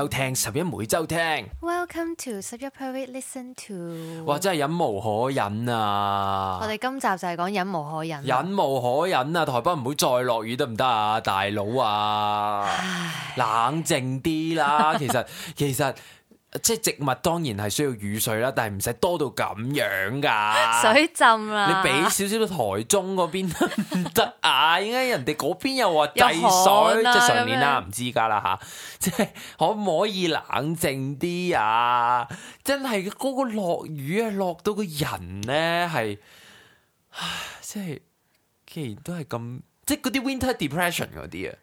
收聽十一每周聽，Welcome to 十一 per week listen to。哇，真係忍無可忍啊！我哋今集就係講忍無可忍，忍無可忍啊！台北唔好再落雨得唔得啊？大佬啊，冷靜啲啦！其實其實。即係植物當然係需要雨水啦，但係唔使多到咁樣噶水浸啊，你俾少少到台中嗰邊唔得啊？點解人哋嗰邊又話制水？啊、即係上年啦，唔麼知噶啦吓。即係可唔可以冷靜啲啊？真係嗰、嗰個落雨啊，落到個人咧係，唉，即係既然都係咁，即係嗰啲 winter depression 嗰啲啊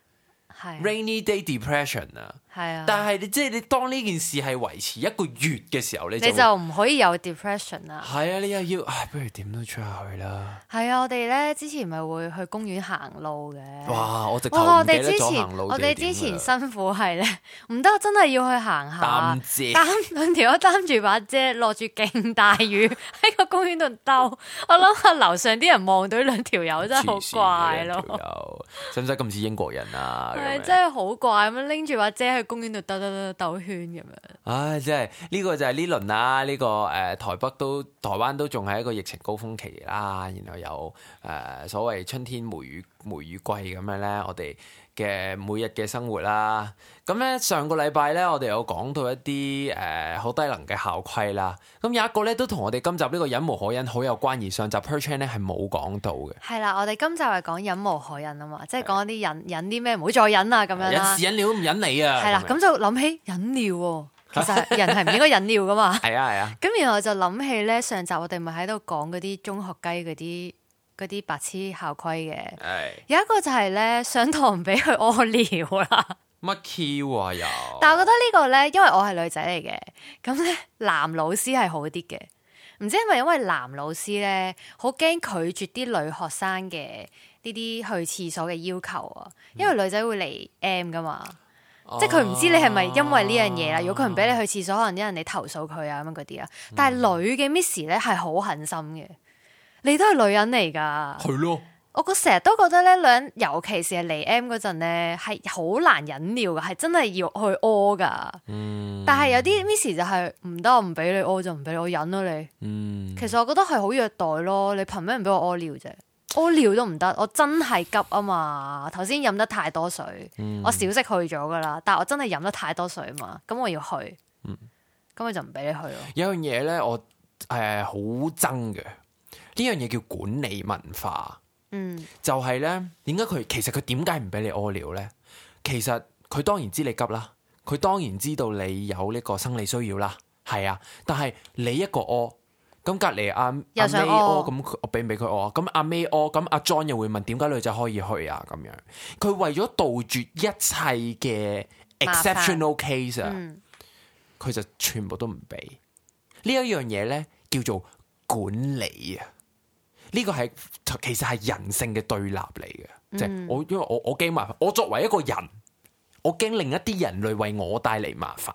，rainy day depression 啊。係啊，但係你即係你當呢件事係維持一個月嘅時候，你就唔可以有 depression 啦。係啊，你又要唉，不如點都出去啦。係啊，我哋咧之前咪會去公園行路嘅。哇！我直頭唔記得咗行路點。我哋之前，我哋之前辛苦係咧，唔得真係要去行下。擔遮，擔兩條，擔住把遮，落住勁大雨喺個公園度兜。我諗下樓上啲人望到兩條友真係好怪咯。兩條友，使唔使咁似英國人啊？係真係好怪，咁拎住把遮去。公園度兜兜兜兜圈咁樣，唉、啊，即係呢個就係呢輪啦。呢、呢個誒、呃、台北都台灣都仲係一個疫情高峰期啦。然後有誒、呃、所謂春天梅雨梅雨季咁樣咧，我哋嘅每日嘅生活啦，咁咧上個禮拜咧，我哋有講到一啲誒好低能嘅校規啦，咁有一個咧都同我哋今集呢個忍無可忍好有關，而上集 Perchian 咧係冇講到嘅。係啦，我哋今集係講忍無可忍啊嘛，即係講啲忍忍啲咩，唔好再忍啊咁樣，啊樣。忍屎忍尿都唔忍你啊！係啦，咁就諗起忍尿喎，其實人係唔應該忍尿噶嘛。係啊係啊，咁然後就諗起咧，上集我哋咪喺度講嗰啲中學雞嗰啲。嗰啲白痴校規嘅，哎、有一個就係咧上堂唔俾佢屙尿啦。乜 Q 啊有？但係我覺得個呢個咧，因為我係女仔嚟嘅，咁咧男老師係好啲嘅。唔知係咪因為男老師咧好驚拒絕啲女學生嘅呢啲去廁所嘅要求啊？嗯、因為女仔會嚟 M 噶嘛，啊、即係佢唔知你係咪因為呢樣嘢啦。啊、如果佢唔俾你去廁所，可能因為你投訴佢啊咁嗰啲啊。但係女嘅 Miss 咧係好狠心嘅。嗯嗯你都係女人嚟噶，係咯。我個成日都覺得咧，女人尤其是係嚟 M 嗰陣咧，係好難忍尿噶，係真係要去屙噶。嗯但、就是，但係有啲 Miss 就係唔得，我唔俾你屙就唔俾我忍啦、啊，你。嗯，其實我覺得係好虐待咯。你憑咩唔俾我屙尿啫？屙尿都唔得，我真係急啊嘛。頭先飲得太多水，嗯、我小息去咗噶啦。但係我真係飲得太多水嘛，咁我要去。嗯，咁我就唔俾你去咯。有樣嘢咧，我誒好憎嘅。呢樣嘢叫管理文化，嗯就呢，就係咧，點解佢其實佢點解唔俾你屙尿咧？其實佢當然知你急啦，佢當然知道你有呢個生理需要啦，係啊，但係你一個屙，咁隔籬阿阿 May 屙，咁我俾唔俾佢屙？咁阿 May 屙，咁、啊、阿、啊啊啊啊、John 又會問，點解女仔可以去啊？咁樣，佢為咗杜絕一切嘅 exceptional case，啊，佢、嗯、就全部都唔俾。呢一樣嘢咧叫做管理啊！呢個係其實係人性嘅對立嚟嘅，即係我因為我我驚麻煩，我作為一個人，我驚另一啲人類為我帶嚟麻煩，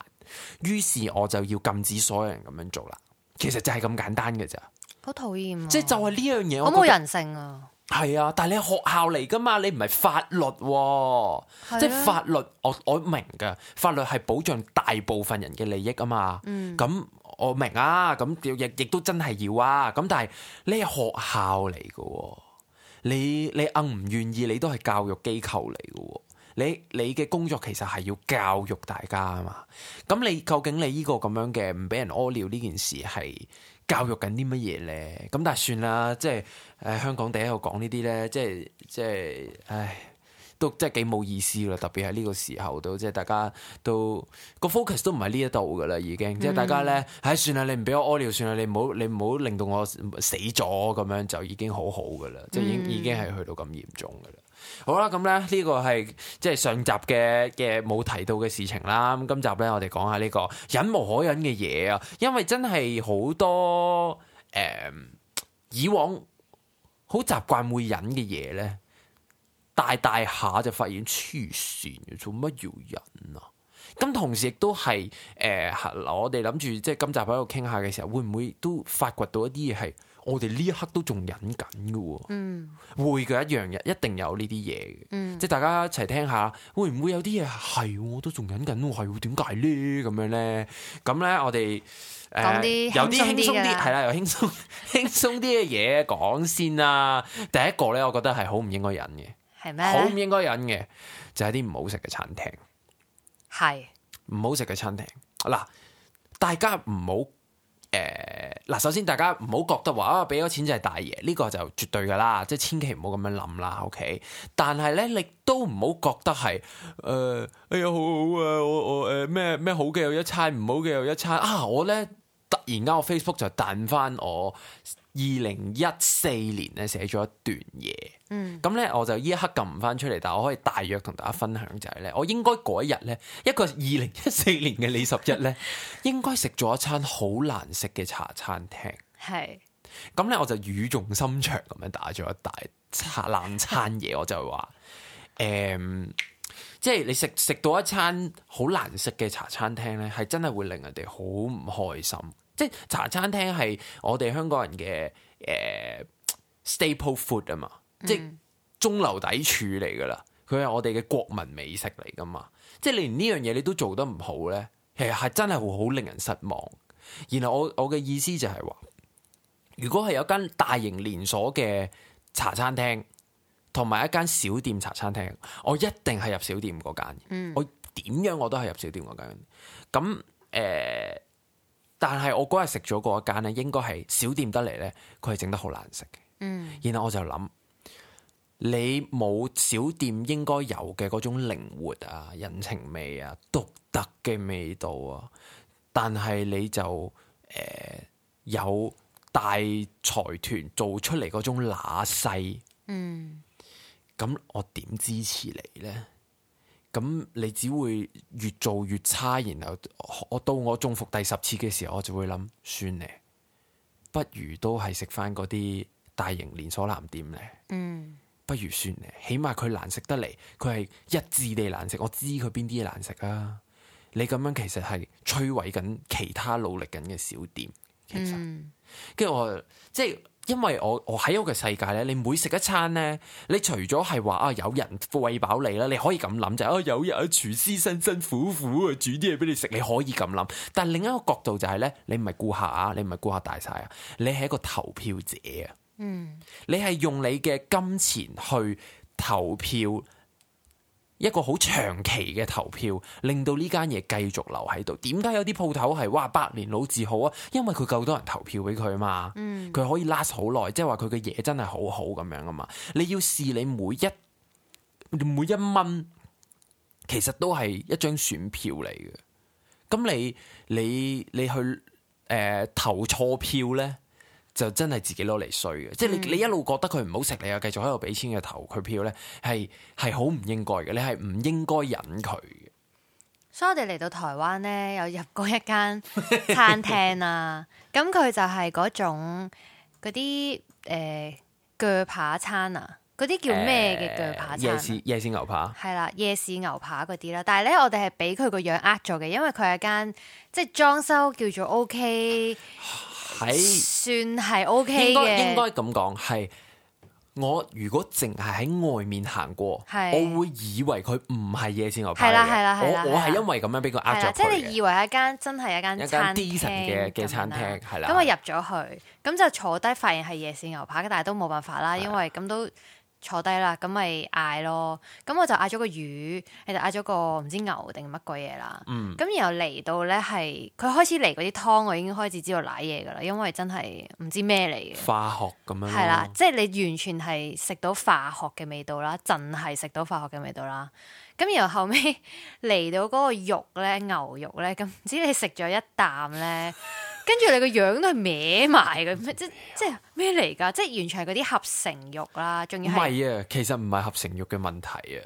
於是我就要禁止所有人咁樣做啦。其實就係咁簡單嘅咋，好討厭。即係就係呢樣嘢，好冇人性啊！係啊，但係你學校嚟噶嘛？你唔係法律，啊，啊、即係法律，我我明噶，法律係保障大部分人嘅利益啊嘛。咁、嗯。嗯我明啊，咁亦亦都真係要啊，咁但係呢學校嚟嘅，你你硬唔願意，你都係教育機構嚟嘅，你你嘅工作其實係要教育大家啊嘛，咁你究竟你呢個咁樣嘅唔俾人屙尿呢件事係教育緊啲乜嘢咧？咁但係算啦，即係喺、呃、香港第一度講呢啲咧，即係即係，唉。都即係幾冇意思啦，特別係呢個時候都即係大家都個 focus 都唔係呢一度噶啦，已經即係大家咧，唉、嗯哎，算啦，你唔俾我屙尿算啦，你唔好你唔好令到我死咗咁樣就已經好、嗯、已經已經好噶啦，即係已經已經係去到咁嚴重噶啦。好啦，咁咧呢個係即係上集嘅嘅冇提到嘅事情啦。咁今集咧我哋講下呢、呢個忍無可忍嘅嘢啊，因為真係好多誒、呃、以往好習慣會忍嘅嘢咧。大大下就發現黐線，做乜要忍啊？咁同時亦都係誒，我哋諗住即係今集喺度傾下嘅時候，會唔會都發掘到一啲嘢係我哋呢一刻都仲忍緊㗎喎？嗯，會嘅一樣嘢，一定有呢啲嘢嘅。嗯，即係大家一齊聽下，會唔會有啲嘢係我都仲忍緊？係點解咧？咁樣咧，咁咧我哋誒有啲輕鬆啲，係 啦，有輕鬆輕鬆啲嘅嘢講先啦。第一個咧，我覺得係好唔應該忍嘅。係咩？好唔應該忍嘅就係啲唔好食嘅餐廳，係唔好食嘅餐廳嗱，大家唔好誒嗱，首先大家唔好覺得話啊，俾咗錢就係大爺呢、呢個就絕對噶啦，即、就、係、是、千祈唔好咁樣諗啦，O K？但係咧，你都唔好覺得係誒、呃、哎呀好好啊，我我誒咩咩好嘅又一餐，唔好嘅又一餐啊！我咧突然間我 Facebook 就彈翻我二零一四年咧寫咗一段嘢。嗯，咁咧我就呢一刻撳唔翻出嚟，但係我可以大約同大家分享就係、是、咧，我應該嗰日咧一個二零一四年嘅呢十一咧， 應該食咗一餐好難食嘅茶餐廳。係是，咁咧我就語重心長咁樣打咗一大茶冷餐難餐嘢，我就話，誒、 嗯，即係你食食到一餐好難食嘅茶餐廳咧，係真係會令人哋好唔開心。即係茶餐廳係我哋香港人嘅誒、呃、staple food 啊嘛。即係中流砥柱嚟噶啦，佢係我哋嘅國民美食嚟噶嘛。即係你連呢樣嘢你都做得唔好咧，其實係真係會好令人失望。然後我我嘅意思就係話，如果係有間大型連鎖嘅茶餐廳，同埋一間小店茶餐廳，我一定係入小店嗰間。嗯、我點樣我都係入小店嗰間。咁誒、呃，但係我嗰日食咗嗰一間咧，應該係小店得嚟咧，佢係整得好難食嘅。嗯、然後我就諗。你冇小店應該有嘅嗰種靈活啊、人情味啊、獨特嘅味道啊，但係你就誒、呃、有大財團做出嚟嗰種乸勢，嗯，咁我點支持你呢？咁你只會越做越差，然後我到我中伏第十次嘅時候，我就會諗算咧，不如都係食翻嗰啲大型連鎖藍店呢。嗯。不如算，起碼佢難食得嚟，佢係一致地難食。我知佢邊啲嘢難食啊！你咁樣其實係摧毀緊其他努力緊嘅小店，其實跟住，嗯、我即係因為我我喺一個世界咧，你每食一餐咧，你除咗係話啊有人餵飽你啦，你可以咁諗就啊，是、有人廚師辛辛苦苦煮啲嘢俾你食，你可以咁諗。但係另一個角度就係，是、咧，你唔係顧客啊，你唔係顧客大晒啊，你係一個投票者啊。嗯，你係用你嘅金錢去投票，一個好長期嘅投票，令到呢間嘢繼續留喺度。點解有啲鋪頭係哇百年老字號啊？因為佢夠多人投票俾佢嘛。嗯，佢可以 last 好耐，即係話佢嘅嘢真係好好咁樣噶嘛。你要試你每一每一蚊，其實都係一張選票嚟嘅。咁你你你去誒、呃、投錯票咧？就真係自己攞嚟衰嘅。即係你你一路覺得佢唔好食，你又繼續喺度俾錢佢投佢票咧，係係好唔應該嘅，你係唔應該忍佢嘅。嗯、所以我哋嚟到台灣咧，有入過一間餐廳啊，咁佢 就係嗰種嗰啲誒鋸扒餐啊，嗰啲叫咩嘅鋸扒餐？啊呃，夜市夜市牛扒係、嗯、啦，夜市牛扒嗰啲啦，但係咧我哋係俾佢個樣呃咗嘅，因為佢係間即係裝修叫做 OK。 在算係 OK 嘅，應該應該咁講係。我如果淨係喺外面行過，是我會以為佢唔係夜市牛排。係啦係啦係我我係因為咁樣俾佢呃咗佢。即係、就是、你以為一間真係一間餐廳嘅嘅餐廳，係啦、啊。咁的的我入咗去，咁就坐低發現係夜市牛排，但係都冇辦法啦，的因為咁都。坐低啦，咁咪嗌咯，咁我就嗌咗個魚，你就嗌咗個唔知牛定乜鬼嘢啦，咁、嗯、然後嚟到呢，係，佢開始嚟嗰啲湯，我已經開始知道瀨嘢噶啦，因為真係唔知咩嚟嘅，化學咁樣，係啦的， 即係你完全係食到化學嘅味道啦，真係食到化學嘅味道啦，咁然後後尾嚟到嗰個肉呢，牛肉呢，咁唔知你食咗一啖呢。 跟住你個樣都係歪埋嘅咩即，即即咩嚟噶？即係完全係嗰啲合成肉啦，仲要係。唔係啊，其實唔係合成肉嘅問題啊，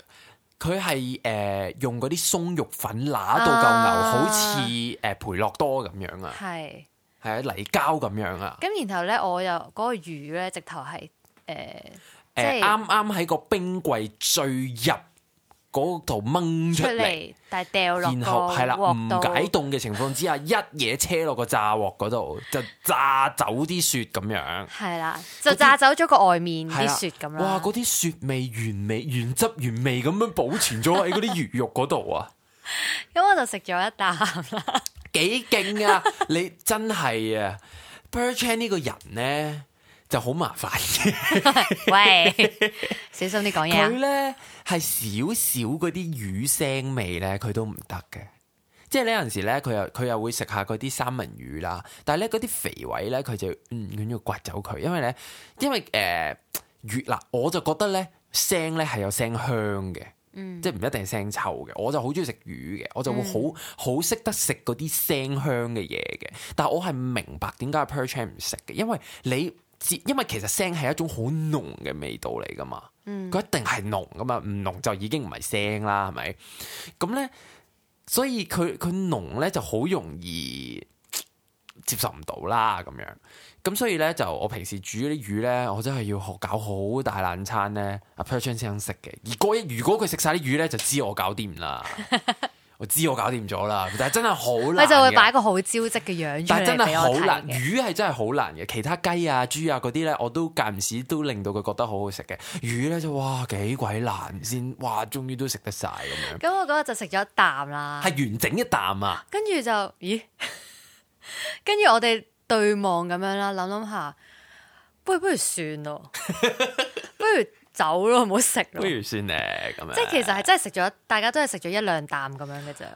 佢係誒用嗰啲鬆肉粉攞到嚿牛，啊、好似誒、呃、培樂多咁樣啊，係係啊泥膠咁樣啊。咁然後咧，我又嗰、嗰個魚咧，直頭係誒誒啱啱喺個冰櫃最入。嗰度掹出嚟，但掉落然後係啦唔解凍嘅情況之下， 一嘢車落個炸鑊嗰度，就炸走啲雪咁樣。係啦， 就炸走咗個外面啲雪咁樣。 哇，嗰啲雪味、原味、原汁原味咁樣保存咗喺嗰啲魚肉嗰度啊！咁 我就食咗一啖啦，幾勁啊！你真係啊，Perchian 呢個人咧。就好麻煩嘅。 喂， 小心啲講嘢啊！佢咧係少少嗰啲魚腥味咧，佢都唔得嘅。即係呢，有陣時咧，佢又佢又會食下嗰啲三文魚啦。但係咧，嗰啲肥位咧，佢就嗯，咁要刮走佢。因為咧，因為誒、呃、魚嗱，我就覺得咧，腥咧係有腥香嘅，嗯、即係唔一定係腥臭嘅。我就好中意食魚嘅，我就會好好識得食嗰啲腥香嘅嘢嘅。但係我係明白點解 Perch 唔食嘅，因為你。因為其實腥係一種好濃嘅味道嚟噶嘛，佢、嗯、一定係濃噶嘛，唔濃就已經唔係腥啦，係咪？咁咧，所以佢佢濃咧就好容易接受唔到啦，咁樣，咁所以咧就我平時煮啲魚咧，我真係要學搞好大冷餐咧，阿 Perchian 先生食嘅，而嗰日如果佢食晒啲魚咧，就知我搞掂啦。 我知我搞掂咗啦，但係真係好難，難。你就會擺個好招積嘅樣，但係真係好難。魚係真係好難嘅，其他雞啊、豬啊嗰啲咧，我都間唔時都令到佢覺得好好食嘅。魚咧就哇幾鬼難先，哇終於都食得晒咁樣。咁我嗰日就食咗一啖啦，係完整一啖啊！跟住就咦？跟 住我哋對望咁樣啦，諗諗下，不如不如算咯，不如。不如 走咯、啊，唔好食咯。不如算咧咁樣，即係其實係真係食咗，大家都係食咗一兩啖咁樣嘅咋。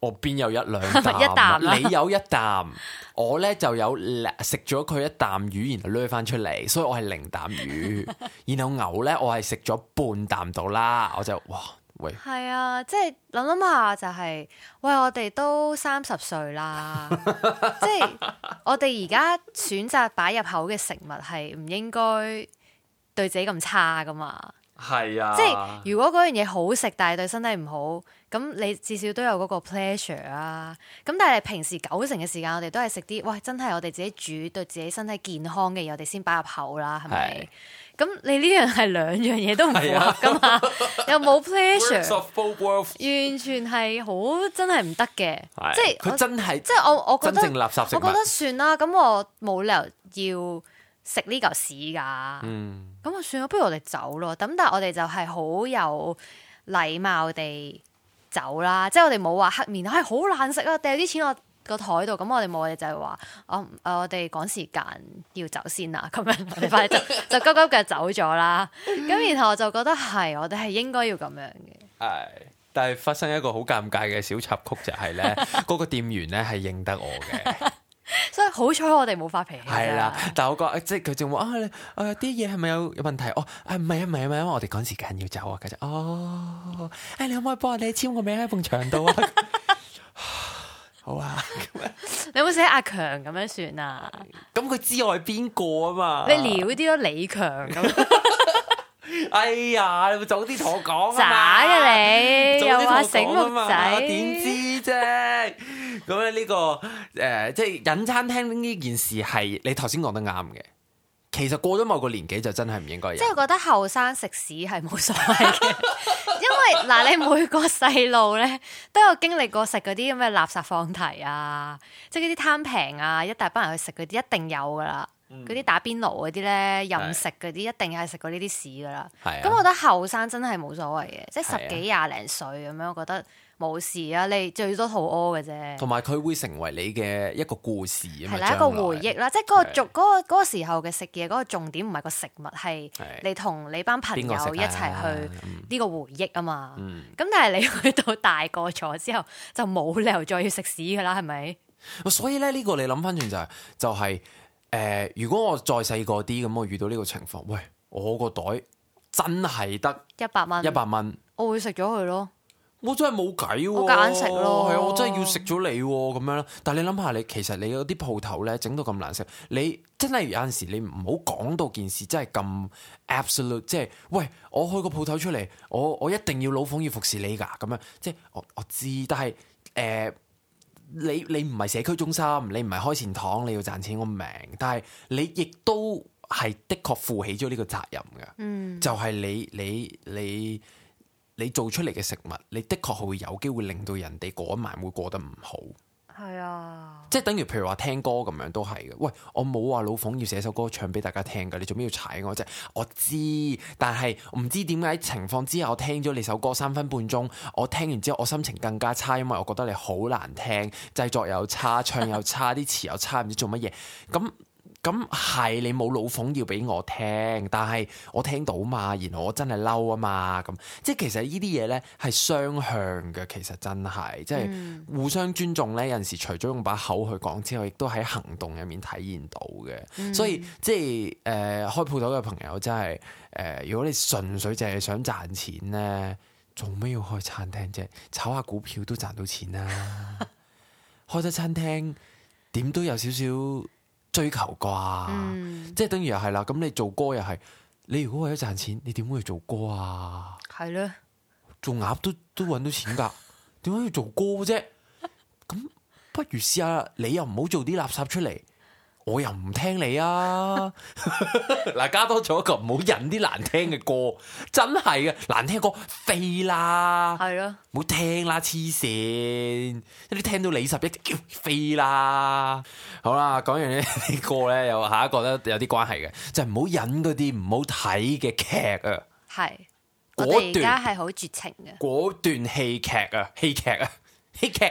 我邊有一兩、啊、一啖、啊，你有一啖， 我咧就有食咗佢一啖魚，然後攆翻出嚟，所以我係零啖魚。 然後牛咧，我係食咗半啖到啦，我就哇喂。係啊，即係諗諗下就係、是就是，喂我哋都三十歲啦，即係 我哋而家選擇擺入口嘅食物係唔應該。對自己咁差噶嘛？係啊，即係如果嗰樣嘢好食，但係對身體唔好，咁你至少都有嗰個 pleasure 啊。咁但係平時九成嘅時間，我哋都係食啲，喂，真係我哋自己煮，對自己身體健康嘅嘢，我哋先擺入口啦，係咪、啊？咁你呢樣係兩樣嘢都唔符合噶嘛？又冇 pleasure，完全係好真係唔得嘅，啊、即係真係，即係我我覺得，垃圾我覺得算啦。咁我冇理由要食呢嚿屎噶，嗯。咁啊算啦，不如我哋走咯。咁但係我哋就係好有禮貌地走啦，即係我哋冇話黑面，唉、哎、好難食啊，掟啲錢落我個台度。咁我哋冇，我哋就係話我我哋趕時間要先走先啦。咁樣我哋快就，就急急腳走咗啦。咁 然後我就覺得係我哋係應該要咁樣嘅。係、哎，但係發生一個好尷尬嘅小插曲就係、是、咧，嗰 個店員咧係認得我嘅。 所以好彩我哋冇發脾氣。係啦， 但係我覺得，即係佢仲話啊，你誒啲嘢係咪有是是有問題？啊啊啊啊、哦，唔係啊唔係啊唔係，因為我哋趕時間要走啊。佢就哦，誒你可唔可以幫我哋簽個名喺埲牆度啊？好啊， 你有冇寫阿強咁樣算 樣他他啊？咁佢知我係邊個啊嘛？你撩啲咯，李強。哎呀，你咪早啲同我講啊嘛。你，又話醒目仔點知？咁咧呢個誒、呃，即係忍餐廳呢件事係你頭先講得啱嘅。其實過咗某個年紀就真係唔應該忍。即係覺得後生食屎係冇所謂嘅， 因為嗱、呃、你每個細路咧都有經歷過食嗰啲咁嘅垃圾放題啊，即係啲貪平啊，一大班人去食嗰啲一定有噶啦。嗰啲、嗯、打邊爐嗰啲咧任食嗰啲，一定係食過呢啲屎噶啦。咁是、啊、我覺得後生真係冇所謂嘅，即係十幾廿零歲咁樣，我覺得。冇事啊，你最多肚屙嘅啫。同埋佢會成為你嘅一個故事，係啦的來一個回憶啦。 即係嗰個重的個時候嘅食嘢，嗰、那個重點唔係個食物，係的你同你班朋友一齊去呢個回憶啊嘛。咁、啊嗯、但係你去到大個咗之後，就冇理由再要食屎噶啦，係咪？所以咧呢、這個你諗翻轉就係、是、就係、是、誒、呃，如果我再細個啲咁，我遇到呢個情況，喂，我個袋真係得一百蚊，一百蚊，我會食咗佢咯。我真係冇計喎，我夾硬食咯，係啊！我真係要食咗你咁，啊、樣啦。但係你諗下，你其實你嗰啲鋪頭咧整到咁難食，你真係有陣時你唔好講到件事真係咁 absolute，即，就，係，是、喂，我開個鋪頭出嚟，我我一定要老奉要服侍你噶咁樣，即係我我知，但係誒、呃，你你唔係社區中心，你唔係開善堂，你要賺錢，我明。但係你亦都係的確負起咗呢個責任嘅，嗯，就係你你你。你你你你做出嚟嘅食物，你的確係會有機會令到人哋過一晚會過得唔好，係啊， 即係等於譬如話聽歌咁樣都係嘅。喂，我冇話老鳳要寫首歌唱俾大家聽噶，你做咩要踩我啫？我知，但係唔知點解情況之下，我聽咗你首歌三分半鐘，我聽完之後我心情更加差，因為我覺得你好難聽，製作又差，唱又差，啲詞又差，唔知做乜嘢咁。 咁係你冇老諷要俾我聽，但係我聽到嘛，然後我真係嬲啊嘛，咁即係其實呢啲嘢呢係雙向嘅，其實真係即係互相尊重呢。有陣時除咗用把口去講之外，亦都喺行動入面體現到嘅。嗯、所以即係誒開鋪頭嘅朋友真係誒、呃，如果你純粹淨係想賺錢呢，做咩要開餐廳啫？炒下股票都賺到錢啦，啊， 開得餐廳點都有少少。追求啩，嗯、即係等於又係啦。咁你做歌又係，你如果為咗賺錢，你點會去做歌啊？係咯是的，做鴨都都搵到錢噶，點解要做歌啫？咁不如試下，你又唔好做啲垃圾出嚟。我又唔聽你啊！嗱，加多咗一個，唔好忍啲難聽嘅歌，真係嘅難聽歌飛啦，係咯是的，唔好聽啦，黐線，一啲聽到李十一就飛啦。好啦，講完呢啲歌咧，又下一個咧有啲關係嘅，就唔、是、好忍嗰啲唔好睇嘅劇啊。係果斷係好絕情嘅，果斷戲劇啊，戲劇啊，戲劇。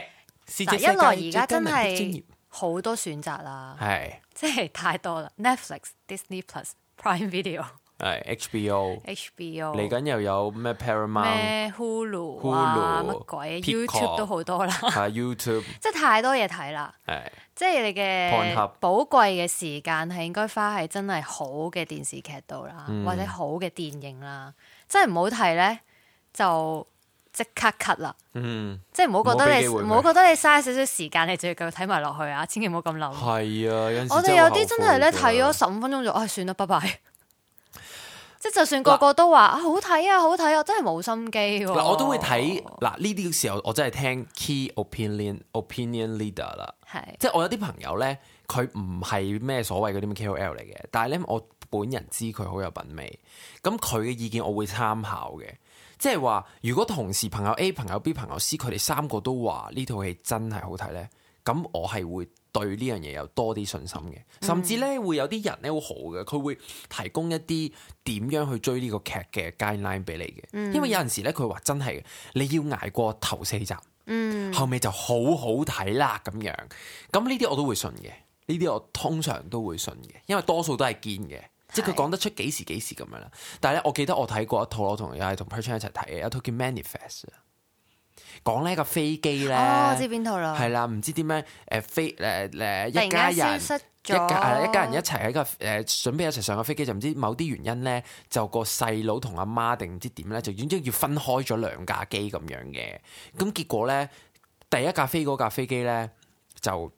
嗱，一來而家真係好多選擇啦，係。 即係太多啦！Netflix、Disney Plus、Prime Video，係 HBO，HBO 嚟緊又有咩 Paramount、咩 Hulu、乜鬼 YouTube 都好多啦！係 YouTube，即係太多嘢睇啦！即係你嘅寶貴嘅時間，係應該花喺真係好嘅電視劇度啦，或者好嘅電影啦。真係唔好睇咧，就～即刻 cut 啦，嗯，即係唔好覺得你唔好覺得你嘥少少時間，你就要繼續睇埋落去啊！千祈唔好咁諗。係啊，有時我哋有啲真係咧睇咗十五分鐘就，唉，算啦拜拜。即 係就算個個都話拉啊，好睇啊，好睇啊，真係冇心機，啊。嗱，我都會睇嗱呢啲嘅時候，我真係聽 key opinion opinion leader 啦，係是，即係我有啲朋友咧，佢唔係咩所謂嗰啲咩 KOL 嚟嘅，但係咧我本人知佢好有品味，咁佢嘅意見我會參考嘅。即係話，如果同時朋友 A、朋友 B、朋友 C 佢哋三個都話呢套戲真係好睇呢，咁我係會對呢樣嘢有多啲信心嘅，甚至呢，會有啲人咧會好嘅，佢會提供一啲點樣去追呢個劇嘅 guideline 俾你嘅，因為有陣時咧佢話真係你要捱過頭四集，嗯，後尾就好好睇啦咁樣，咁呢啲我都會信嘅，呢啲我通常都會信嘅，因為多數都係堅嘅。即係佢講得出幾時幾時咁樣啦，但係咧，我記得我睇過一套，我同又係同 Perchon 一齊睇嘅，一套叫 Manifest, 一《Manifest》，講呢個飛機咧，哦，知邊套啦，係啦，唔知點樣誒飛誒誒，呃呃、一家人突然間失一家,一家人一齊喺個誒準備一齊上嘅飛機，就唔知某啲原因咧，就個細佬同阿媽定唔知點咧，就然之後要分開咗兩架機咁樣嘅，咁結果咧第一架飛嗰架飛機咧就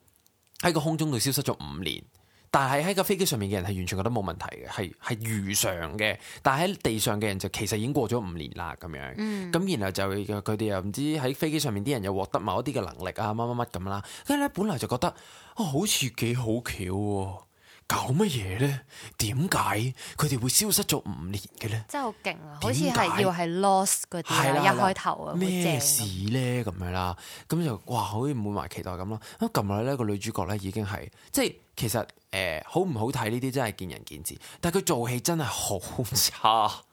喺個空中度消失咗五年。但係喺個飛機上面嘅人係完全覺得冇問題嘅，係係如常嘅。但係喺地上嘅人就其實已經過咗五年啦，咁樣，嗯。咁然後就佢哋又唔知喺飛機上面啲人又獲得某一啲嘅能力啊，乜乜乜咁啦。跟住咧，本來就覺得我，哦，好似幾好巧啊。搞乜嘢咧？點解佢哋會消失咗五年嘅咧？真係好勁啊！好似係要係 lost 嗰啲一開頭啊咩事咧咁樣啦？咁就哇好似滿懷期待咁咯！咁撳日去咧個女主角咧已經係即係其實誒、呃、好唔好睇呢啲真係見仁見智，但係佢做戲真係好差，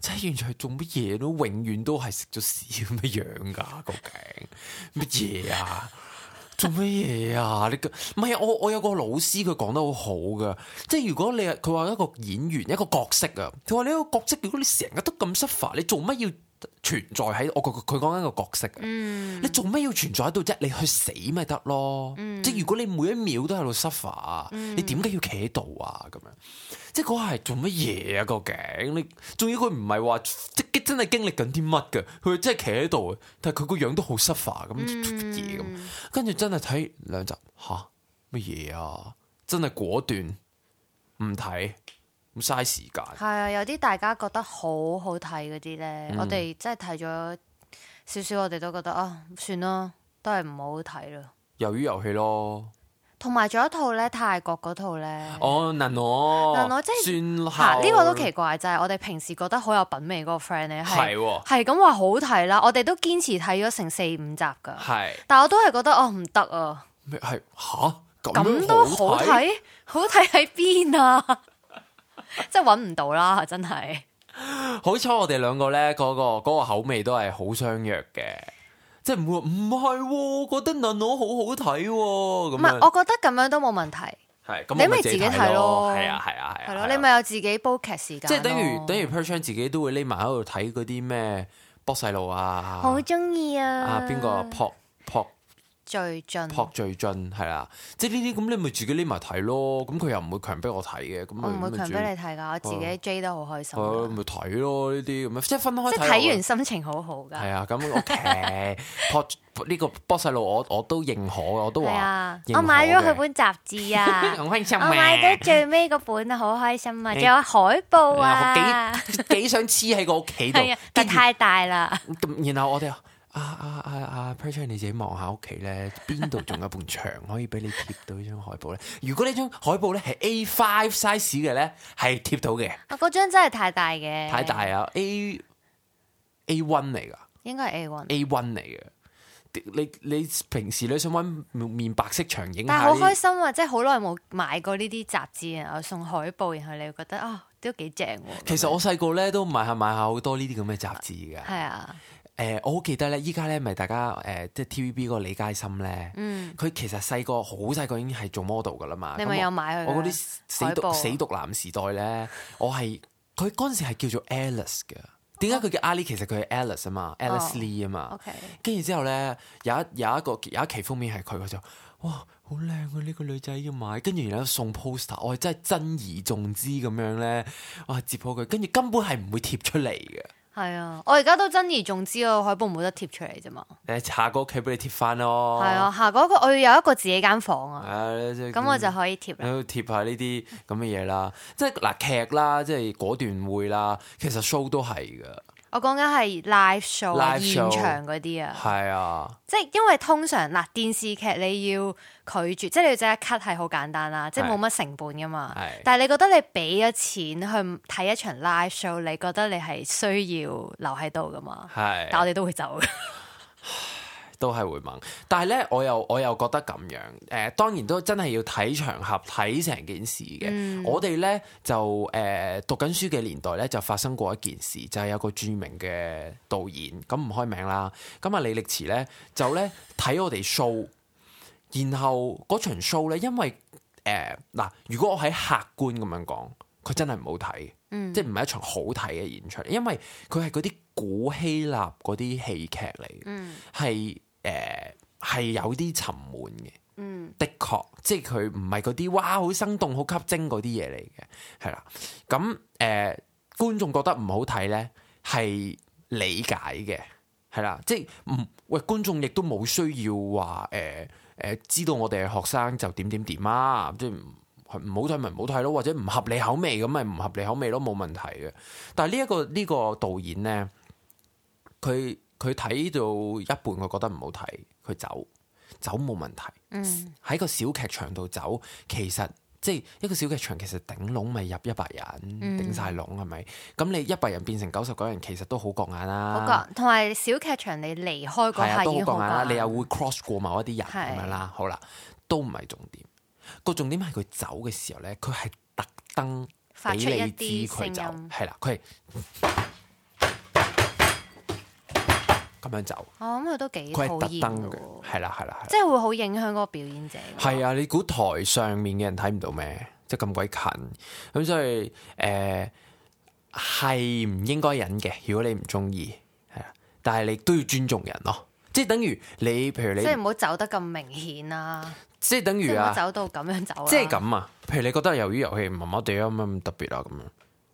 即係完全係做乜嘢都永遠都係食咗屎咁嘅樣㗎個劇乜嘢啊！ 做乜嘢啊？你嘅唔係我，我有個老師，佢講得好好嘅。即係如果你，佢話一個演員一個角色啊，佢話你一個角色，如果你成日都咁失範，你做乜要存在喺我佢佢講緊個角色嘅，嗯、你做咩要存在喺度啫？你去死咪得咯！即係、嗯、如果你每一秒都喺度 suffer、嗯、你點解要企喺度啊？咁樣即係嗰下係做乜嘢啊？個頸你仲要佢唔係話即係真係經歷緊啲乜㗎？佢真係企喺度，但係佢個樣都好 suffer 咁嘢咁，跟住、嗯、真係睇兩集吓乜嘢啊？真係果斷唔睇。咁嘥時間，係啊！有啲大家覺得好好睇嗰啲咧，我哋即係睇咗少少，我哋都覺得啊，算咯，都係唔好睇咯。魷魚遊戲咯，同埋仲有一套咧，泰國嗰套咧。哦，能我難我即係，嗱呢了、啊這個都奇怪，就係、是、我哋平時覺得好有品味嗰個 friend 咧，係係咁話好睇啦，我哋都堅持睇咗成四五集噶，係是，但係我都係覺得哦，唔得啊，咩係吓咁都好睇，好睇喺邊啊？即係搵唔到啦，真係。 好彩我哋兩個咧，嗰、嗰個、嗰個口味都係好相約嘅，即係唔會唔係覺得論我好好睇咁。唔係，我覺得咁樣都冇問題。係，你咪自己睇咯。係啊，係啊，係啊。係咯，你咪有自己煲劇時間。即係等於等於 Perchion 自己都會匿埋喺度睇嗰啲咩搏細路啊。好中意啊！啊，邊個搏搏？最盡，扑最盡係啦，即係呢啲咁，你咪自己匿埋睇咯。咁佢又唔會強迫我睇嘅。咁我唔會強迫你睇噶，我自己追得好開心。我咪睇咯呢啲咁樣，即係分開睇。即係睇完心情好好噶。係啊，咁我嘅扑呢個波細路，我我都認可噶，我都話我買咗佢本雜誌啊，我買咗最尾嗰本啊，好開心啊，仲有海報啊，幾幾想黐喺個屋企度，但太大啦。咁然後我哋。啊啊啊阿，Priscian，你自己望下屋企咧，邊度仲有埲牆可以俾你貼到呢張海報咧？如果呢張海報咧係 A five size 嘅咧，係貼到嘅。啊，嗰張真係太大嘅。太大啊，A A one 嚟噶，應該係 A one，A one 嚟嘅。你你，你平時你想搵面白色場景，但係好開心啊！些即係好耐冇買過呢啲雜誌，啊，然後送海報，然後你會覺得、哦、啊，都幾正。其實我細個咧都買下買下好多呢啲咁嘅雜誌噶。係啊。誒、呃，我好記得咧，依家咧咪大家誒，即、呃、係 TVB 嗰個李佳芯咧，佢、嗯、其實細個好細個已經係做 model 噶啦嘛。你咪有買我嗰啲死毒報死毒男時代咧，我係佢嗰陣時係叫做 Alice 嘅。點解佢叫 Ali？Okay. 其實佢係 Alice 啊嘛、oh.，Alice Lee 啊嘛。OK。跟住之後咧，有一有一個有一期封面係佢，我就哇好靚啊！呢、呢個女仔要買，跟住然後送 poster，我係真係珍而重之咁樣咧，我係接好佢，跟住根本係唔會貼出嚟嘅。係啊，我而家都珍而重之個海報冇得貼出嚟啫嘛，你下個屋企俾你貼翻咯。係啊，下個屋企，我要有一個自己間房間啊，啊，咁我就可以貼、啊、啦。貼下呢啲咁嘅嘢啦，即係嗱劇啦，即係果段會啦，其實 show 都係噶。我講緊係 live show 現場嗰啲啊，係啊，即係因為通常嗱電視劇你要拒絕，即係你要即刻 cut 係好簡單啦，即係冇乜成本噶嘛。是但係你覺得你俾咗錢去睇一場 live show，你覺得你係需要留喺度噶嘛？係是，但我哋都會走噶。 都係會問，但係咧，我又我又覺得咁樣誒、呃，當然都真係要睇場合，睇成件事嘅。嗯、我哋咧就誒、呃、讀緊書嘅年代咧，就發生過一件事，就係、是、有個著名嘅導演，咁唔開名啦。咁啊李力持咧就咧睇我哋 show，然後嗰場 show 咧，因為誒嗱、呃，如果我喺客觀咁樣講，佢真係唔好睇，嗯、即係唔係一場好睇嘅演出，因為佢係嗰啲古希臘嗰啲戲劇嚟，嗯，係。誒，係、呃、有啲沉悶嘅、嗯，嗯，呃、的確，即係佢唔係嗰啲哇，好生動、好吸睛嗰啲嘢嚟嘅，係啦。咁誒，觀眾覺得唔好睇咧，係理解嘅，係啦，即係唔喂觀眾亦都冇需要話誒誒，知道我哋係學生就點點點啊，即係唔唔好睇咪唔好睇咯，或者唔合你口味咁咪唔合你口味咯，冇問題嘅。但係呢一個呢、這個導演咧，佢。佢睇到一半，我覺得唔好睇，佢走走冇問題。喺、嗯、個小劇場度走，其實即係一個小劇場，其實頂籠咪入一百人，嗯、頂晒籠係咪？咁你一百人變成九十九人，其實都好過眼啦。好過，同埋小劇場你離開嗰時候、啊。都好過眼啦。眼你又會 cross 過某一啲人咁是樣啦。好啦，都唔係重點。個重點係佢走嘅時候咧，佢係特登俾你知佢走係啦，佢係。咁樣走，我諗佢都幾討厭嘅，係啦係啦係，哦、即係會好影響嗰個表演者。係啊，你估台上面嘅人睇唔到咩？即係咁鬼近，咁所以誒係唔應該忍嘅。如果你唔中意，係啦，但係你都要尊重人咯，啊。即係等於你，譬如你即係唔好走得咁明顯啦。即係等於啊，走到咁樣走，即係咁啊。譬如你覺得由於遊戲麻麻地啊，咁樣特別啦，咁樣。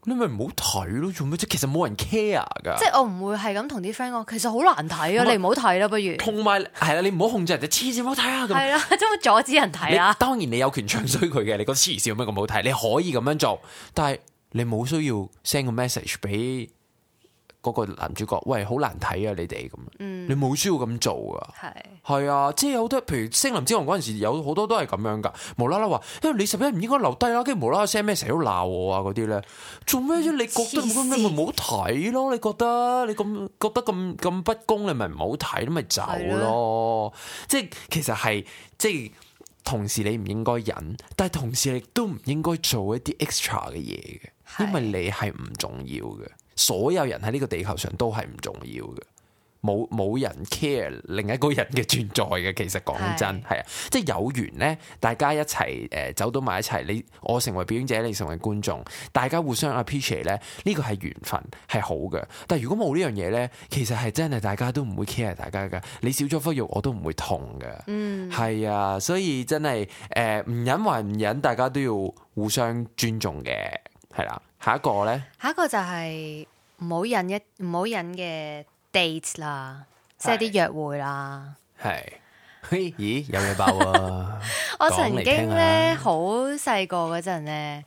你咪唔好睇咯，做咩啫？其實冇人 care 噶。即係我唔會係咁同啲 friend 講，其實好難睇啊！你唔好睇啦，不如。同埋係啦，你唔好控制人哋黐線，唔好睇啊！咁係啦，即係 阻止人睇啊！當然你有權唱衰佢嘅，你覺得黐線有咩咁好睇？你可以咁樣做，但係你冇需要 send 個 message 俾。嗰個男主角，喂，好難睇啊！你哋咁，嗯、你冇需要咁做噶，係是啊，即係有好多，譬如《星林之王》嗰陣時，有好多都係咁樣噶，無、欸、無啦啦話，因為你十一唔應該留低啦，跟住無啦啦聲咩，成日都鬧我啊，嗰啲咧，做咩啫？你覺得咁咪唔好睇咯？你覺得你咁覺得咁咁不公，你咪唔好睇，咪走咯。即係其實係即係，同時你唔應該忍，但係同時你都唔應該做一啲 extra 嘅嘢嘅，因為你係唔重要嘅。所有人喺呢個地球上都係唔重要嘅，冇冇人 care 另一個人嘅存在嘅。其實講真係啊是，即係有緣呢，大家一齊誒，呃、走到埋一齊，你我成為表演者，你成為觀眾，大家互相 appreciate，er、呢，呢、這個係緣分，係好嘅。但係如果冇呢樣嘢呢，其實係真係大家都唔會 care 大家㗎。你少咗忽肉，我都唔會痛嘅。嗯，係啊，所以真係誒唔忍還唔忍，大家都要互相尊重嘅，係啦。下一個咧，下一個就係唔好忍一唔好忍嘅 dates 啦，即係啲約會啦。係，咦？有嘢爆啊！我曾經咧，好細個嗰陣咧，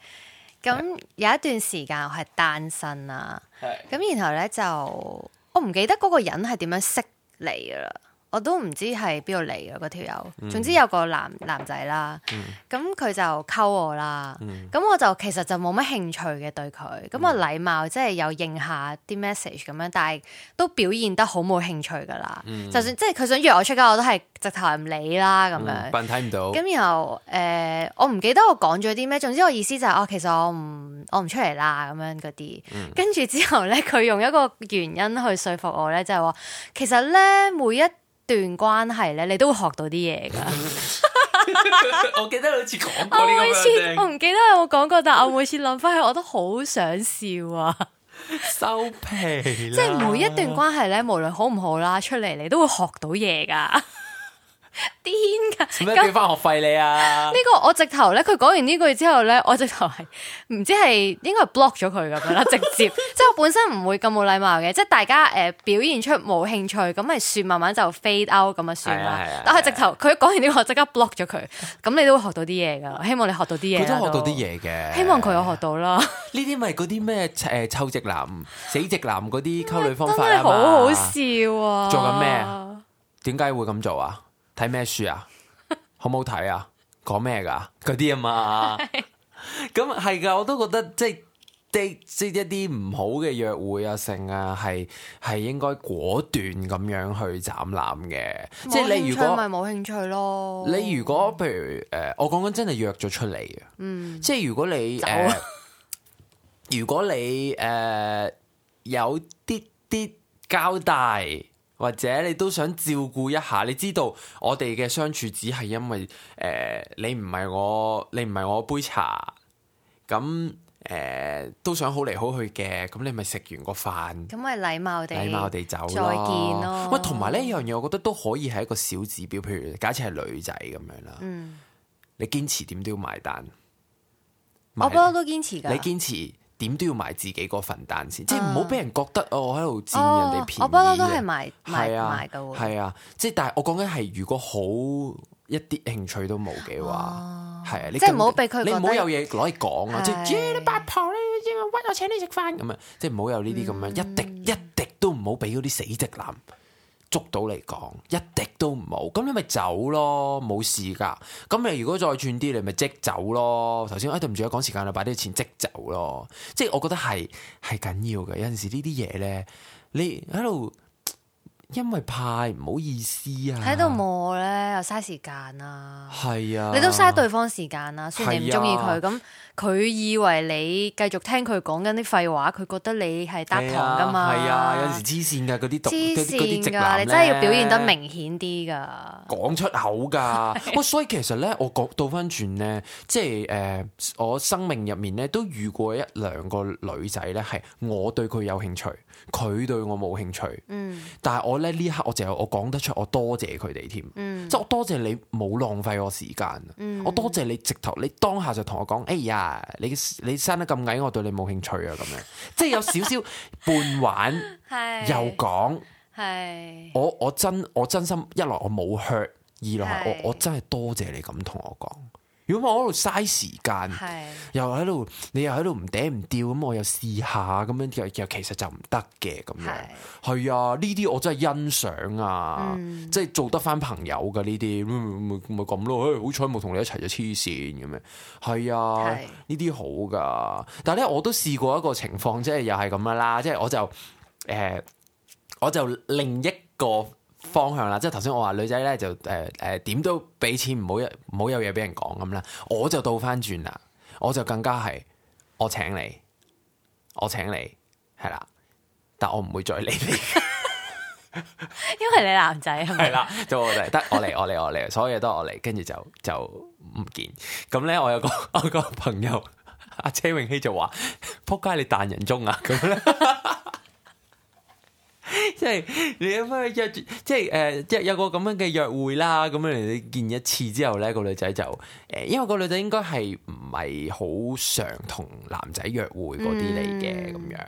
咁 有一段時間我係單身啦，咁是然後咧就我唔記得嗰個人係點樣識你噶啦。我都唔知係邊度嚟嘅，嗰條友，嗰個嗯、總之有個男男仔啦，咁佢、嗯、就溝我啦，咁、嗯、我就其實就冇乜興趣嘅對佢，咁、嗯、我禮貌即係有應下啲 message 咁樣，但係都表現得好冇興趣噶啦，嗯、就算即係佢想約我出街，我都係直頭唔理啦咁、嗯、樣，頻睇唔到。咁然後誒、呃，我唔記得我講咗啲咩，總之我意思就係、是、哦，其實我唔我唔出嚟啦咁樣嗰啲，嗯、跟住之後咧，佢用一個原因去說服我咧，就係、是、話其實咧每一段關係咧，你都會學到啲嘢噶。我記得好似講過呢咁樣，我唔記得有冇講過，但係我每次諗翻去我都好想笑啊！收皮，即係每一段關係咧，無論好唔好啦，出嚟你都會學到嘢噶。癲噶，點解俾翻學費你啊？呢個我直頭咧，佢講完呢句之後咧，我直頭係唔知係應該係 block 咗佢噶啦，直接 即係我本身唔會咁冇禮貌嘅，即係大家誒、呃、表現出冇興趣咁咪算慢慢就 fade out 咁啊算啦。哎、呀但係直頭佢講完呢個，即刻 block 咗佢。咁、哎、呀你都會學到啲嘢噶，希望你學到啲嘢。佢都學到啲嘢嘅，哎、呀希望佢有學到啦。呢啲咪嗰啲咩誒臭直男、死直男嗰啲溝女方法啊嘛、哎？真係好好笑啊！做緊咩？點解會咁做啊？睇咩書啊？ 好唔好睇啊？講咩噶？嗰啲啊嘛。咁係噶，我都覺得即係啲即一啲唔好嘅約會啊，性啊，係係應該果斷咁樣去斬纜嘅。即係你如果咪冇興，興趣咯。你如果譬如誒，我講緊真係約咗出嚟啊。嗯。即係如果你誒、呃，如果你誒有啲啲交代。或者你都想照顧一下，你知道我哋嘅相處只係因為誒、呃，你唔係我，你唔係我杯茶，咁誒、呃、都想好嚟好去嘅，咁你咪食完個飯，咁咪禮貌地禮貌地走，再見咯。喂，同埋呢一樣嘢，我覺得都可以係一個小指標，譬如假設係女仔咁、嗯、樣啦，你堅持點都要埋單，埋單我覺得都堅持嘅，你堅持。點都要埋自己個份單先，uh, 即係唔好俾人覺得、哦、我喺度佔人哋便宜嘅。係、哦、啊，係啊，即係、啊，但係我講緊係如果好一啲興趣都冇嘅話，係、哦、啊，你即係唔好俾佢，你唔好有嘢攞嚟講啊！即係是，就是 yeah, 你八婆，你要屈我,我請你食飯咁啊！即係唔好有呢啲咁樣，一滴一滴都唔好俾嗰啲死直男。捉到嚟講一滴都唔好。咁你咪走咯，冇事噶。咁你如果再賺啲，你咪即走咯。頭先哎對唔住啊，趕時間啦，擺啲錢即走咯。即係我覺得係係緊要嘅，有陣時呢啲嘢咧，你喺度。因為怕唔好意思啊，喺度磨咧又嘥時間啦，係啊，你都嘥對方時間啦，雖然你唔中意佢，咁佢、啊、以為你繼續聽佢講緊啲廢話，佢覺得你係得台噶嘛，係啊，啊，有陣時黐線噶嗰啲，黐線噶，你真係要表現得明顯啲噶，講出口噶，不過、啊、 所以其實咧，我講倒翻轉咧，即係誒、呃，我生命入面咧都遇過一兩個女仔咧，係我對佢有興趣。佢對我冇興趣，嗯、但係我咧呢一刻我淨係我講得出我多謝佢哋添，嗯、即係我多謝,謝你冇浪費我時間，嗯、我多謝,謝你直頭你當下就同我講，哎、hey, 呀、yeah,，你你生得咁矮，我對你冇興趣啊，咁樣 即係有少少半玩 又講說，我我真我真心一來我冇 hurt，二來我是我,我真係多謝,謝你咁同我講。如果我喺度嘥時間，是的 又喺度，你又喺度唔嗲唔吊，咁我又試下咁樣，又其實就唔得嘅咁樣。係啊是的，呢啲我真係欣賞啊，嗯、即係做得翻朋友噶呢啲，咪咁咯。嗯嗯嗯欸、好彩冇同你一齊就黐線咁樣。係啊，呢啲是的 好噶。但係咧，我都試過一個情況，即係又係咁樣啦，即係我就誒、呃，我就另一個。方向啦，即係頭先我女呢、呃呃、話女仔咧就誒誒點都俾錢唔好唔好有嘢俾人講咁啦，我就倒翻轉啦，我就更加係我請你，我請你係啦，但我唔會再理你， 因為你男仔係啦，就我哋得我嚟我嚟我嚟，所有嘢都係我嚟，跟住就就唔見。咁咧我有個我有個朋友阿車永熙就話：撲街你彈人中啊！咁咧。 即係 你返去約住，即係誒，有有個咁樣嘅約會啦。咁樣你見一次之後咧，個女仔就誒、呃，因為個女仔應該係唔係好常同男仔約會嗰啲嚟嘅咁樣。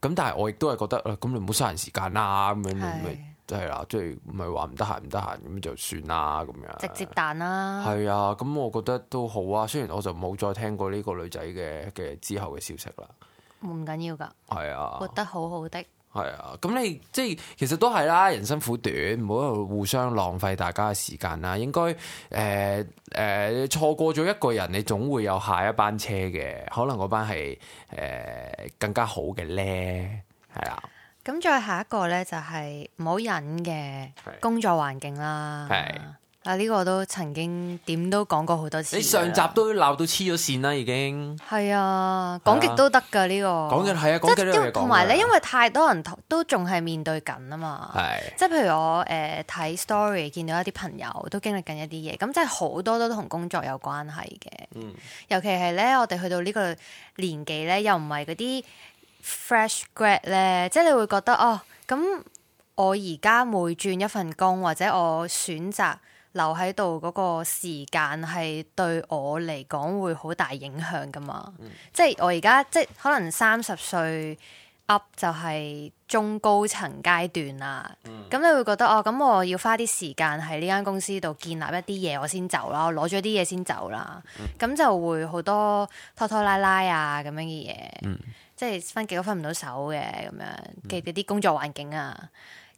咁但係我亦都係覺得，誒、啊，咁你唔好嘥時間啦。咁樣唉，係啦，即係唔係話唔得閒唔得閒咁就算啦。咁樣直接彈啦。係啊，咁我覺得都好啊。雖然我就冇再聽過呢個女仔嘅嘅之後嘅消息啦。唔緊要噶，係啊，過得好好的。係啊，咁、嗯、你即係其實都係啦人生苦短，唔好互相浪費大家嘅時間啦。應該誒誒、錯、呃呃、過咗一個人，你總會有下一班車嘅，可能嗰班係誒、呃、更加好嘅咧。係啊，咁再下一個咧就係唔好忍嘅工作環境啦。係。啊！呢、呢個我都曾經點都講過好多次。你上集都鬧到黐咗線啦，已經係啊，講極都得㗎呢個。講極，係啊，講同埋咧，呢因為太多人都仲係面對緊啊嘛。係是，即係譬如我誒睇、呃、story，見到一啲朋友都經歷緊一啲嘢，咁即係好多都同工作有關係嘅。嗯、尤其係咧，我哋去到呢個年紀咧，又唔係嗰啲 fresh grad 咧，即係你會覺得哦，咁我而家每轉一份工或者我選擇。留喺度嗰個時間係對我嚟講會好大影響㗎嘛？Mm. 即係我而家即係可能三十歲 up 就係中高層階段啦、啊。咁、mm. 你會覺得哦，咁我要花啲時間喺呢間公司度建立一啲嘢，我先走啦，攞咗啲嘢先走啦。咁、mm. 就會好多拖拖拉拉啊咁樣嘅嘢，mm. 即係分幾都分唔到手嘅咁樣嘅啲工作環境啊。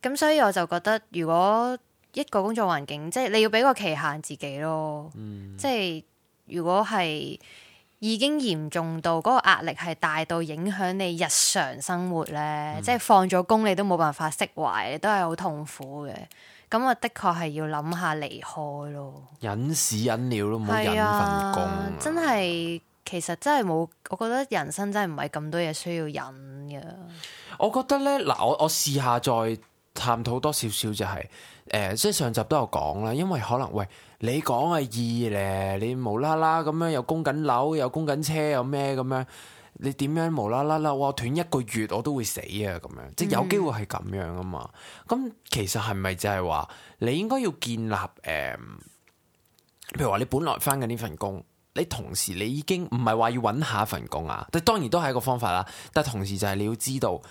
咁所以我就覺得如果一個工作環境，即係你要俾個期限自己咯。嗯、即係如果係已經嚴重到嗰個壓力係大到影響你日常生活咧，嗯、即係放咗工你你都冇辦法釋懷，都係好痛苦嘅。咁啊，的確係要諗下離開咯。忍屎忍尿都唔好忍份工、啊。真係，其實真係冇，我覺得人生真係唔係咁多嘢需要忍嘅。我覺得咧，嗱，我我試下再。探討多少少就係、是、誒、即、呃、係上集都有講啦，因為可能喂你講係二咧，你無啦啦咁樣又供緊樓，又供緊車，又咩咁樣，你點樣無啦啦啦，我斷一個月我都會死啊咁樣，即係有機會係咁樣啊嘛。咁、嗯、其實係咪就係話你應該要建立誒、呃，譬如話你本來返緊呢份工，你同時你已經唔係話要搵下份工啊，但當然都係一個方法啦。但係同時就係你要知道誒。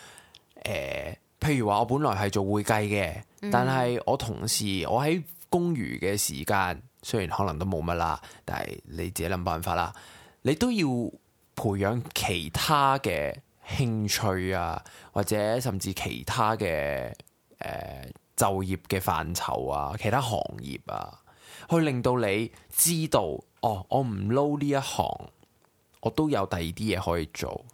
呃譬如話我本來係做會計嘅，嗯、但係我同事我喺工餘嘅時間，雖然可能都冇乜啦，但係你自己諗辦法啦。你都要培養其他嘅興趣啊，或者甚至其他嘅誒、呃、就業嘅範疇啊，其他行業啊，去令到你知道，哦，我唔撈呢一行，我都有第二啲嘢可以做。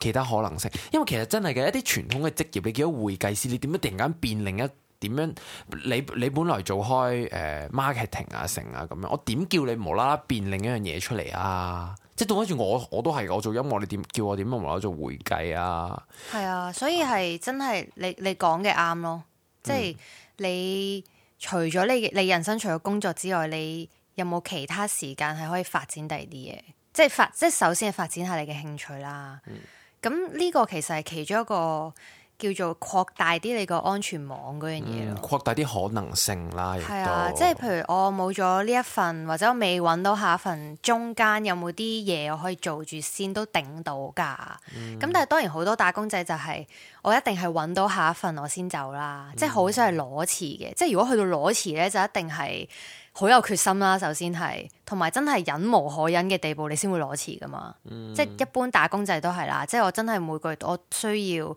其他可能性，因為其實真係嘅一啲傳統嘅職業，你叫會計師，你點樣突然間變另一點樣？你你本來做開誒 marketing 啊，成啊咁樣，我點叫你無啦啦變另一樣嘢出嚟啊？即係到跟住我我都係我做音樂，你點叫我點樣無啦啦做會計啊？係啊，所以係真係你你講嘅啱咯，即係你除咗你你人生除咗工作之外，你有冇其他時間係可以發展第二啲嘢？即係發即係首先係發展下你嘅興趣啦。嗯咁呢個其實係其中一個叫做擴大啲你個安全網嗰樣嘢咯，擴大啲可能性啦。係都啊，即係譬如我冇咗呢一份，或者我未揾到下一份，中間有冇啲嘢我可以做住先都頂到噶。咁、嗯、但係當然好多打工仔就係我一定係揾到下一份我先走啦、嗯，即係好想係裸辭嘅。即係如果去到裸辭呢，就一定係。好有決心啦，首先係，同埋真係忍無可忍嘅地步，你先會攞辭㗎嘛。嗯、即係一般打工仔都係啦，即係我真係每個月我需要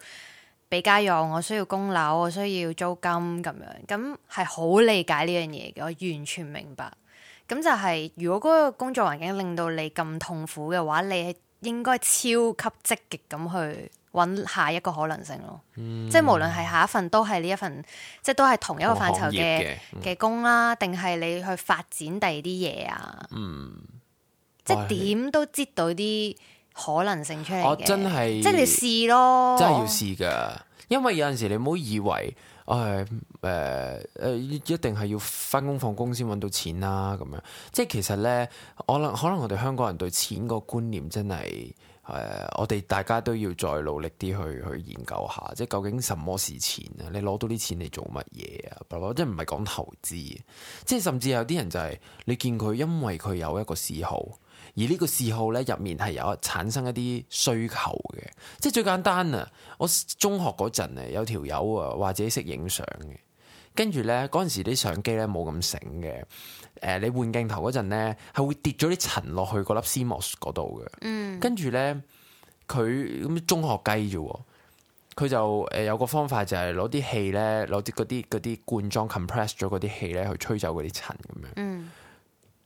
俾家用，我需要供樓，我需要，我需要租金咁樣，咁係好理解呢樣嘢嘅，我完全明白。咁就係、是、如果嗰個工作環境令到你咁痛苦嘅話，你係應該超級積極咁去。揾下一個可能性咯，嗯、即係無論係下一份都係呢一份，即係都係同一個範疇嘅嘅工啦，定係、嗯、你去發展第二啲嘢啊？嗯，哎、即係點都接到啲可能性出嚟嘅，我真係即係你要試咯，真係要試噶，我因為有陣時你唔好以為。我係誒一定係要返工放工先揾到錢啦、啊、咁樣。即係其實呢，我可能可能我哋香港人對錢個觀念真係誒、呃，我哋大家都要再努力啲去去研究下，即係究竟什麼是錢啊？你攞到啲錢嚟做乜嘢啊？Blah blah, 即係唔係講投資？即係甚至有啲人就係、是、你見佢因為佢有一個嗜好。而呢個嗜好咧入面係有產生一啲需求嘅，即係最簡單啊！我中學嗰陣啊，有條友啊，話自己識影相嘅，跟住咧嗰陣時啲相機咧冇咁醒嘅，誒、呃、你換鏡頭嗰陣咧係會跌咗啲塵落去嗰粒 CMOS 嗰度嘅，嗯，跟住咧佢咁中學雞啫，佢就誒有個方法就係攞啲氣咧攞啲嗰啲啲罐裝 compress 咗嗰啲氣咧去吹走嗰啲塵咁樣，嗯，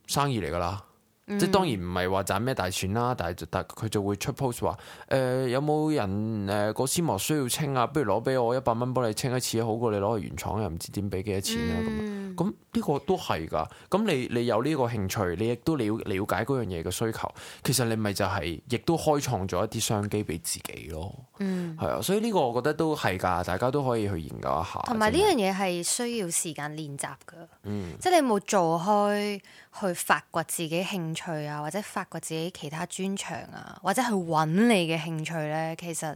生意嚟噶啦。嗯、即係當然唔係話賺咩大錢啦，但係就但佢就會出 post 話誒、呃、有冇人誒、呃那個絲膜需要清啊？不如攞俾我一百蚊，幫你清一次好過你攞去原廠又唔知點俾幾多錢啦、啊、咁。咁呢、嗯、個都係噶。咁你你有呢個興趣，你亦都了了解嗰樣嘢嘅需求，其實你咪就係、是、亦都開創咗一啲商機俾自己咯。嗯，係啊，所以呢個我覺得都係噶，大家都可以去研究一下。同埋呢樣嘢係需要時間練習噶。即係、嗯、你冇做開。去發掘自己興趣啊，或者發掘自己其他專長啊，或者去揾你嘅興趣咧，其實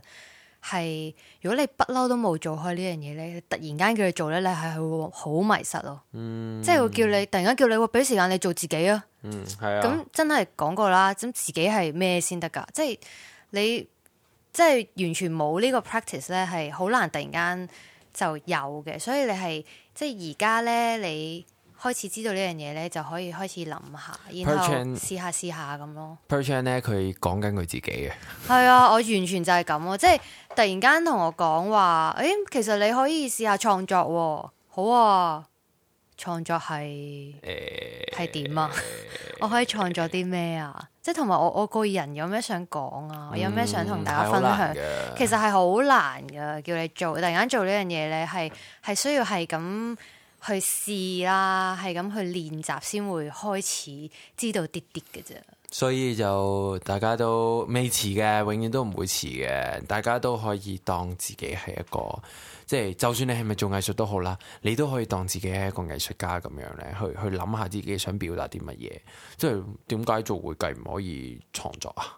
係，如果你不嬲都冇做開呢樣嘢咧，突然間叫你做咧，你係會好迷失咯。嗯、即係會叫你突然間叫你，會俾時間你做自己咯。係、嗯、啊，咁真係講過啦，咁自己係咩先得噶？即係你即係完全冇呢個 practice 咧，係好難突然間就有嘅。所以你係即係而家咧，你。開始知道呢樣嘢咧，就可以開始諗下，然後試下試下咁咯。Perchance 咧，佢講緊佢自己嘅。係啊，我完全就係咁喎，即係突然間同我講話，誒，其實你可以試下創作喎。好啊，創作係誒係點啊？我可以創作啲咩啊？即係同埋我我個人有咩想講啊？有咩想同大家分享？其實係好難噶，叫你做突然間做呢樣嘢咧，係係需要係咁。去試啦，係咁去練習，先會開始知道啲啲嘅啫。所以就大家都未遲嘅，永遠都唔會遲嘅。大家都可以當自己係一個，即係就算你係咪做藝術都好啦，你都可以當自己係一個藝術家咁樣咧。去去諗下自己想表達啲乜嘢，即係點解做會計唔可以創作啊？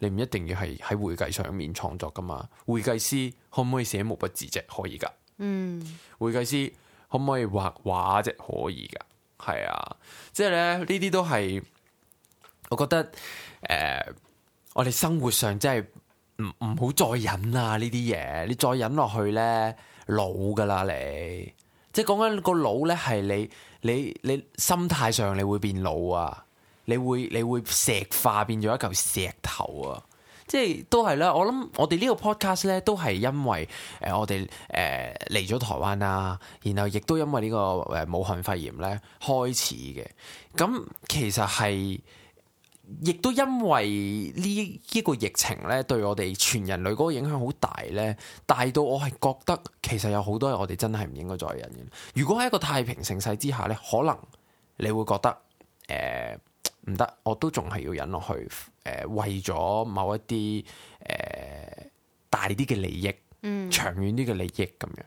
你唔一定要係喺會計上面創作噶嘛？會計師可唔可以寫毛筆字啫？可以噶。嗯，會計師。可唔可以畫畫啫？即可以噶，係啊，即係咧，呢啲都係，我覺得誒、呃，我哋生活上真係唔唔好再忍啦呢啲嘢，你再忍落去咧老噶啦你，即係講緊個老咧係你你你心態上你會變老啊，你會你會石化變咗一嚿石頭啊。即係都係啦，我諗我哋呢個 podcast 咧都係因為誒、呃、我哋誒嚟咗台灣啦，然後亦都因為呢個誒武漢肺炎咧開始嘅。咁其實係亦都因為呢呢個疫情咧對我哋全人類嗰個影響好大咧，大到我係覺得其實有好多嘢我哋真係唔應該再忍嘅。如果喺一個太平盛世之下咧，可能你會覺得誒唔得，我都仲係要忍落去。誒、呃、為咗某一啲誒、呃、大啲嘅利益，嗯，長遠啲嘅利益咁樣，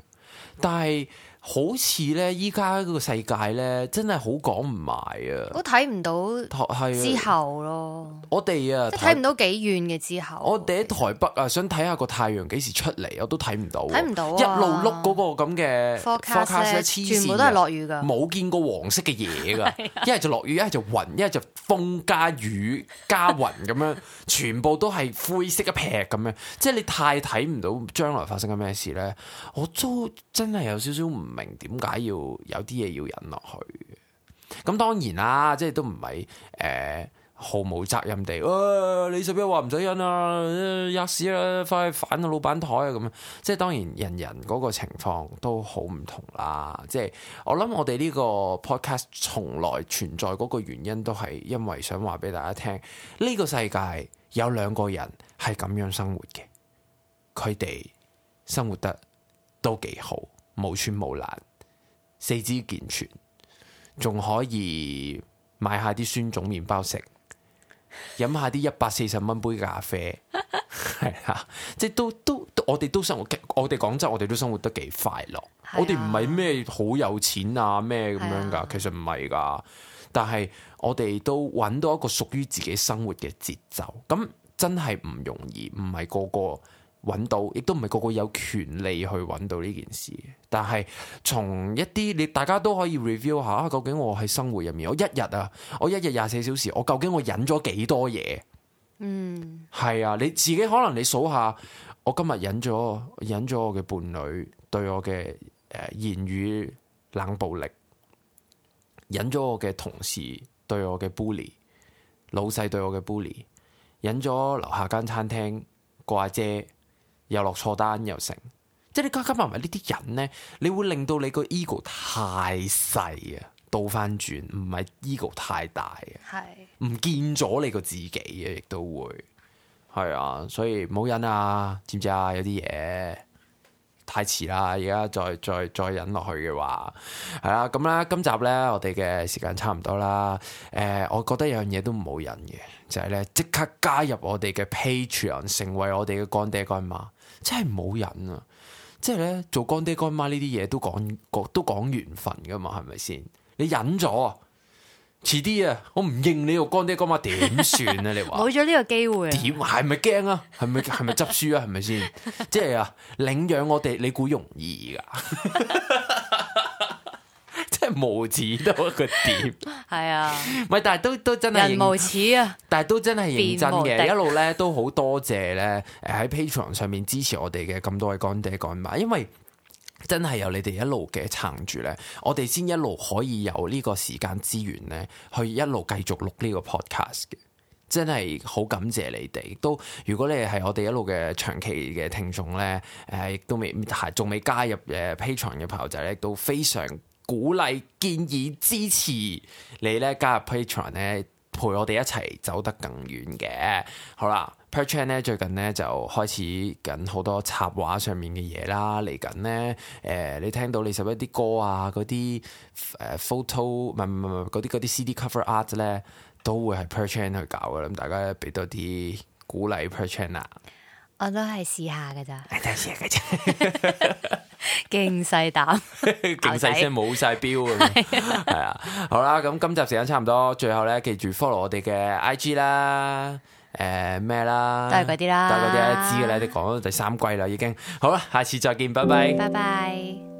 但係，嗯好似咧，依家個世界咧，真係好講唔埋啊！我睇唔到之後咯，我哋啊，即係睇唔到幾遠嘅之後。我哋喺台北啊，想睇下個太陽幾時出嚟，我都睇唔到，睇唔到啊！一路碌嗰個咁嘅 forecast，全部都係落雨㗎，冇見過黃色嘅嘢㗎。一係就落雨，一係就雲，一係就風加雨加雲咁樣，全部都係灰色一劈咁樣。即係你太睇唔到將來發生緊咩事咧，我都真係有少少唔～明點解要有啲嘢要忍落去？咁當然啦，即係都唔係誒，毫無責任地、欸、啊！你使邊話唔使忍啊？吔屎啦，快去反個老闆台啊！咁樣，即係當然，人人嗰個情況都好唔同啦。即係我諗，我哋呢個 podcast 從來存在嗰個原因，都係因為想話俾大家聽，呢、呢個世界有兩個人係咁樣生活嘅，佢哋生活得都幾好。無穿無爛，四肢健全，仲可以買下啲酸種麵包食，飲下啲一百四十蚊杯咖啡，係啦， 即係都都，都我哋都生活，我哋講真，我哋都生活得幾快樂。 我哋唔係咩好有錢啊咩咁樣噶，其實唔係噶，但係我哋都揾到一個屬於自己生活嘅節奏，咁真係唔容易，唔係個個揾到，亦都唔係個個有權利去揾到呢件事。但係從一啲你大家都可以 review 下，究竟我喺生活入面，我一日啊，我一日廿四小時，我究竟我忍咗幾多嘢？嗯，係啊，你自己可能你數下，我今日忍咗忍咗我嘅伴侶對我嘅言語冷暴力，忍咗我嘅同事對我嘅 bully，老細對我嘅 bully，忍咗樓下間餐廳個阿姐，姐又落錯單又成。即係你加加埋埋呢啲人咧，你會令到你個 ego 太細啊，倒翻轉唔係 ego 太大啊，係唔是見咗你個自己啊，亦都會係啊，所以唔好忍啊，知唔知啊？有啲嘢太遲啦，而家再再再忍落去嘅話，係啦，咁啦，今集咧，我哋嘅時間差唔多啦。誒、呃，我覺得有樣嘢都唔好忍嘅，就係咧，即刻加入我哋嘅 Patreon 成為我哋嘅乾爹乾媽，真係唔好忍啊！即係咧，做乾爹乾媽呢啲嘢都講，講都講緣分噶嘛，係咪先？你忍咗，遲啲啊，我唔認你個乾爹乾媽點算啊？你話冇咗呢個機會，點？係咪驚啊？係咪係咪執輸啊？係咪先？即係啊，領養我哋，你估容易噶、啊？ 無恥到一個點係 啊，唔係，但係都都真係無恥啊！但係都真係認真嘅，無一路咧都好多謝咧，誒喺 Patreon 上面支持我哋嘅咁多位乾爹乾媽，因為真係由你哋一路嘅撐住咧，我哋先一路可以有呢個時間資源咧，去一路繼續錄呢個 Podcast 嘅，真係好感謝你哋。都如果你係我哋一路嘅長期嘅聽眾咧，誒、呃、亦都未係仲未加入誒 Patreon 嘅朋友仔咧，都非常。鼓勵、建議、支持你咧加入 Patreon 咧，陪我哋一齊走得更遠嘅。好啦，Patreon 咧最近咧就開始緊好多插畫上面嘅嘢啦。嚟緊咧，誒、呃、你聽到你十一啲歌啊，嗰啲誒 photo 唔係唔唔，嗰啲嗰啲 CD cover art 咧都會係 Patreon 去搞嘅。咁大家俾多啲鼓勵 Patreon 啊！我都係試下噶咋，第一次嘅啫，勁細膽，勁細聲，冇晒標啊，係啊，好啦，咁今集時間差唔多，最後咧記住 follow 我哋嘅 IG 啦，誒、呃、咩啦，都係嗰啲啦，都係嗰啲知嘅咧，你講到第三季啦，已經，好啦，下次再見，拜拜，拜拜。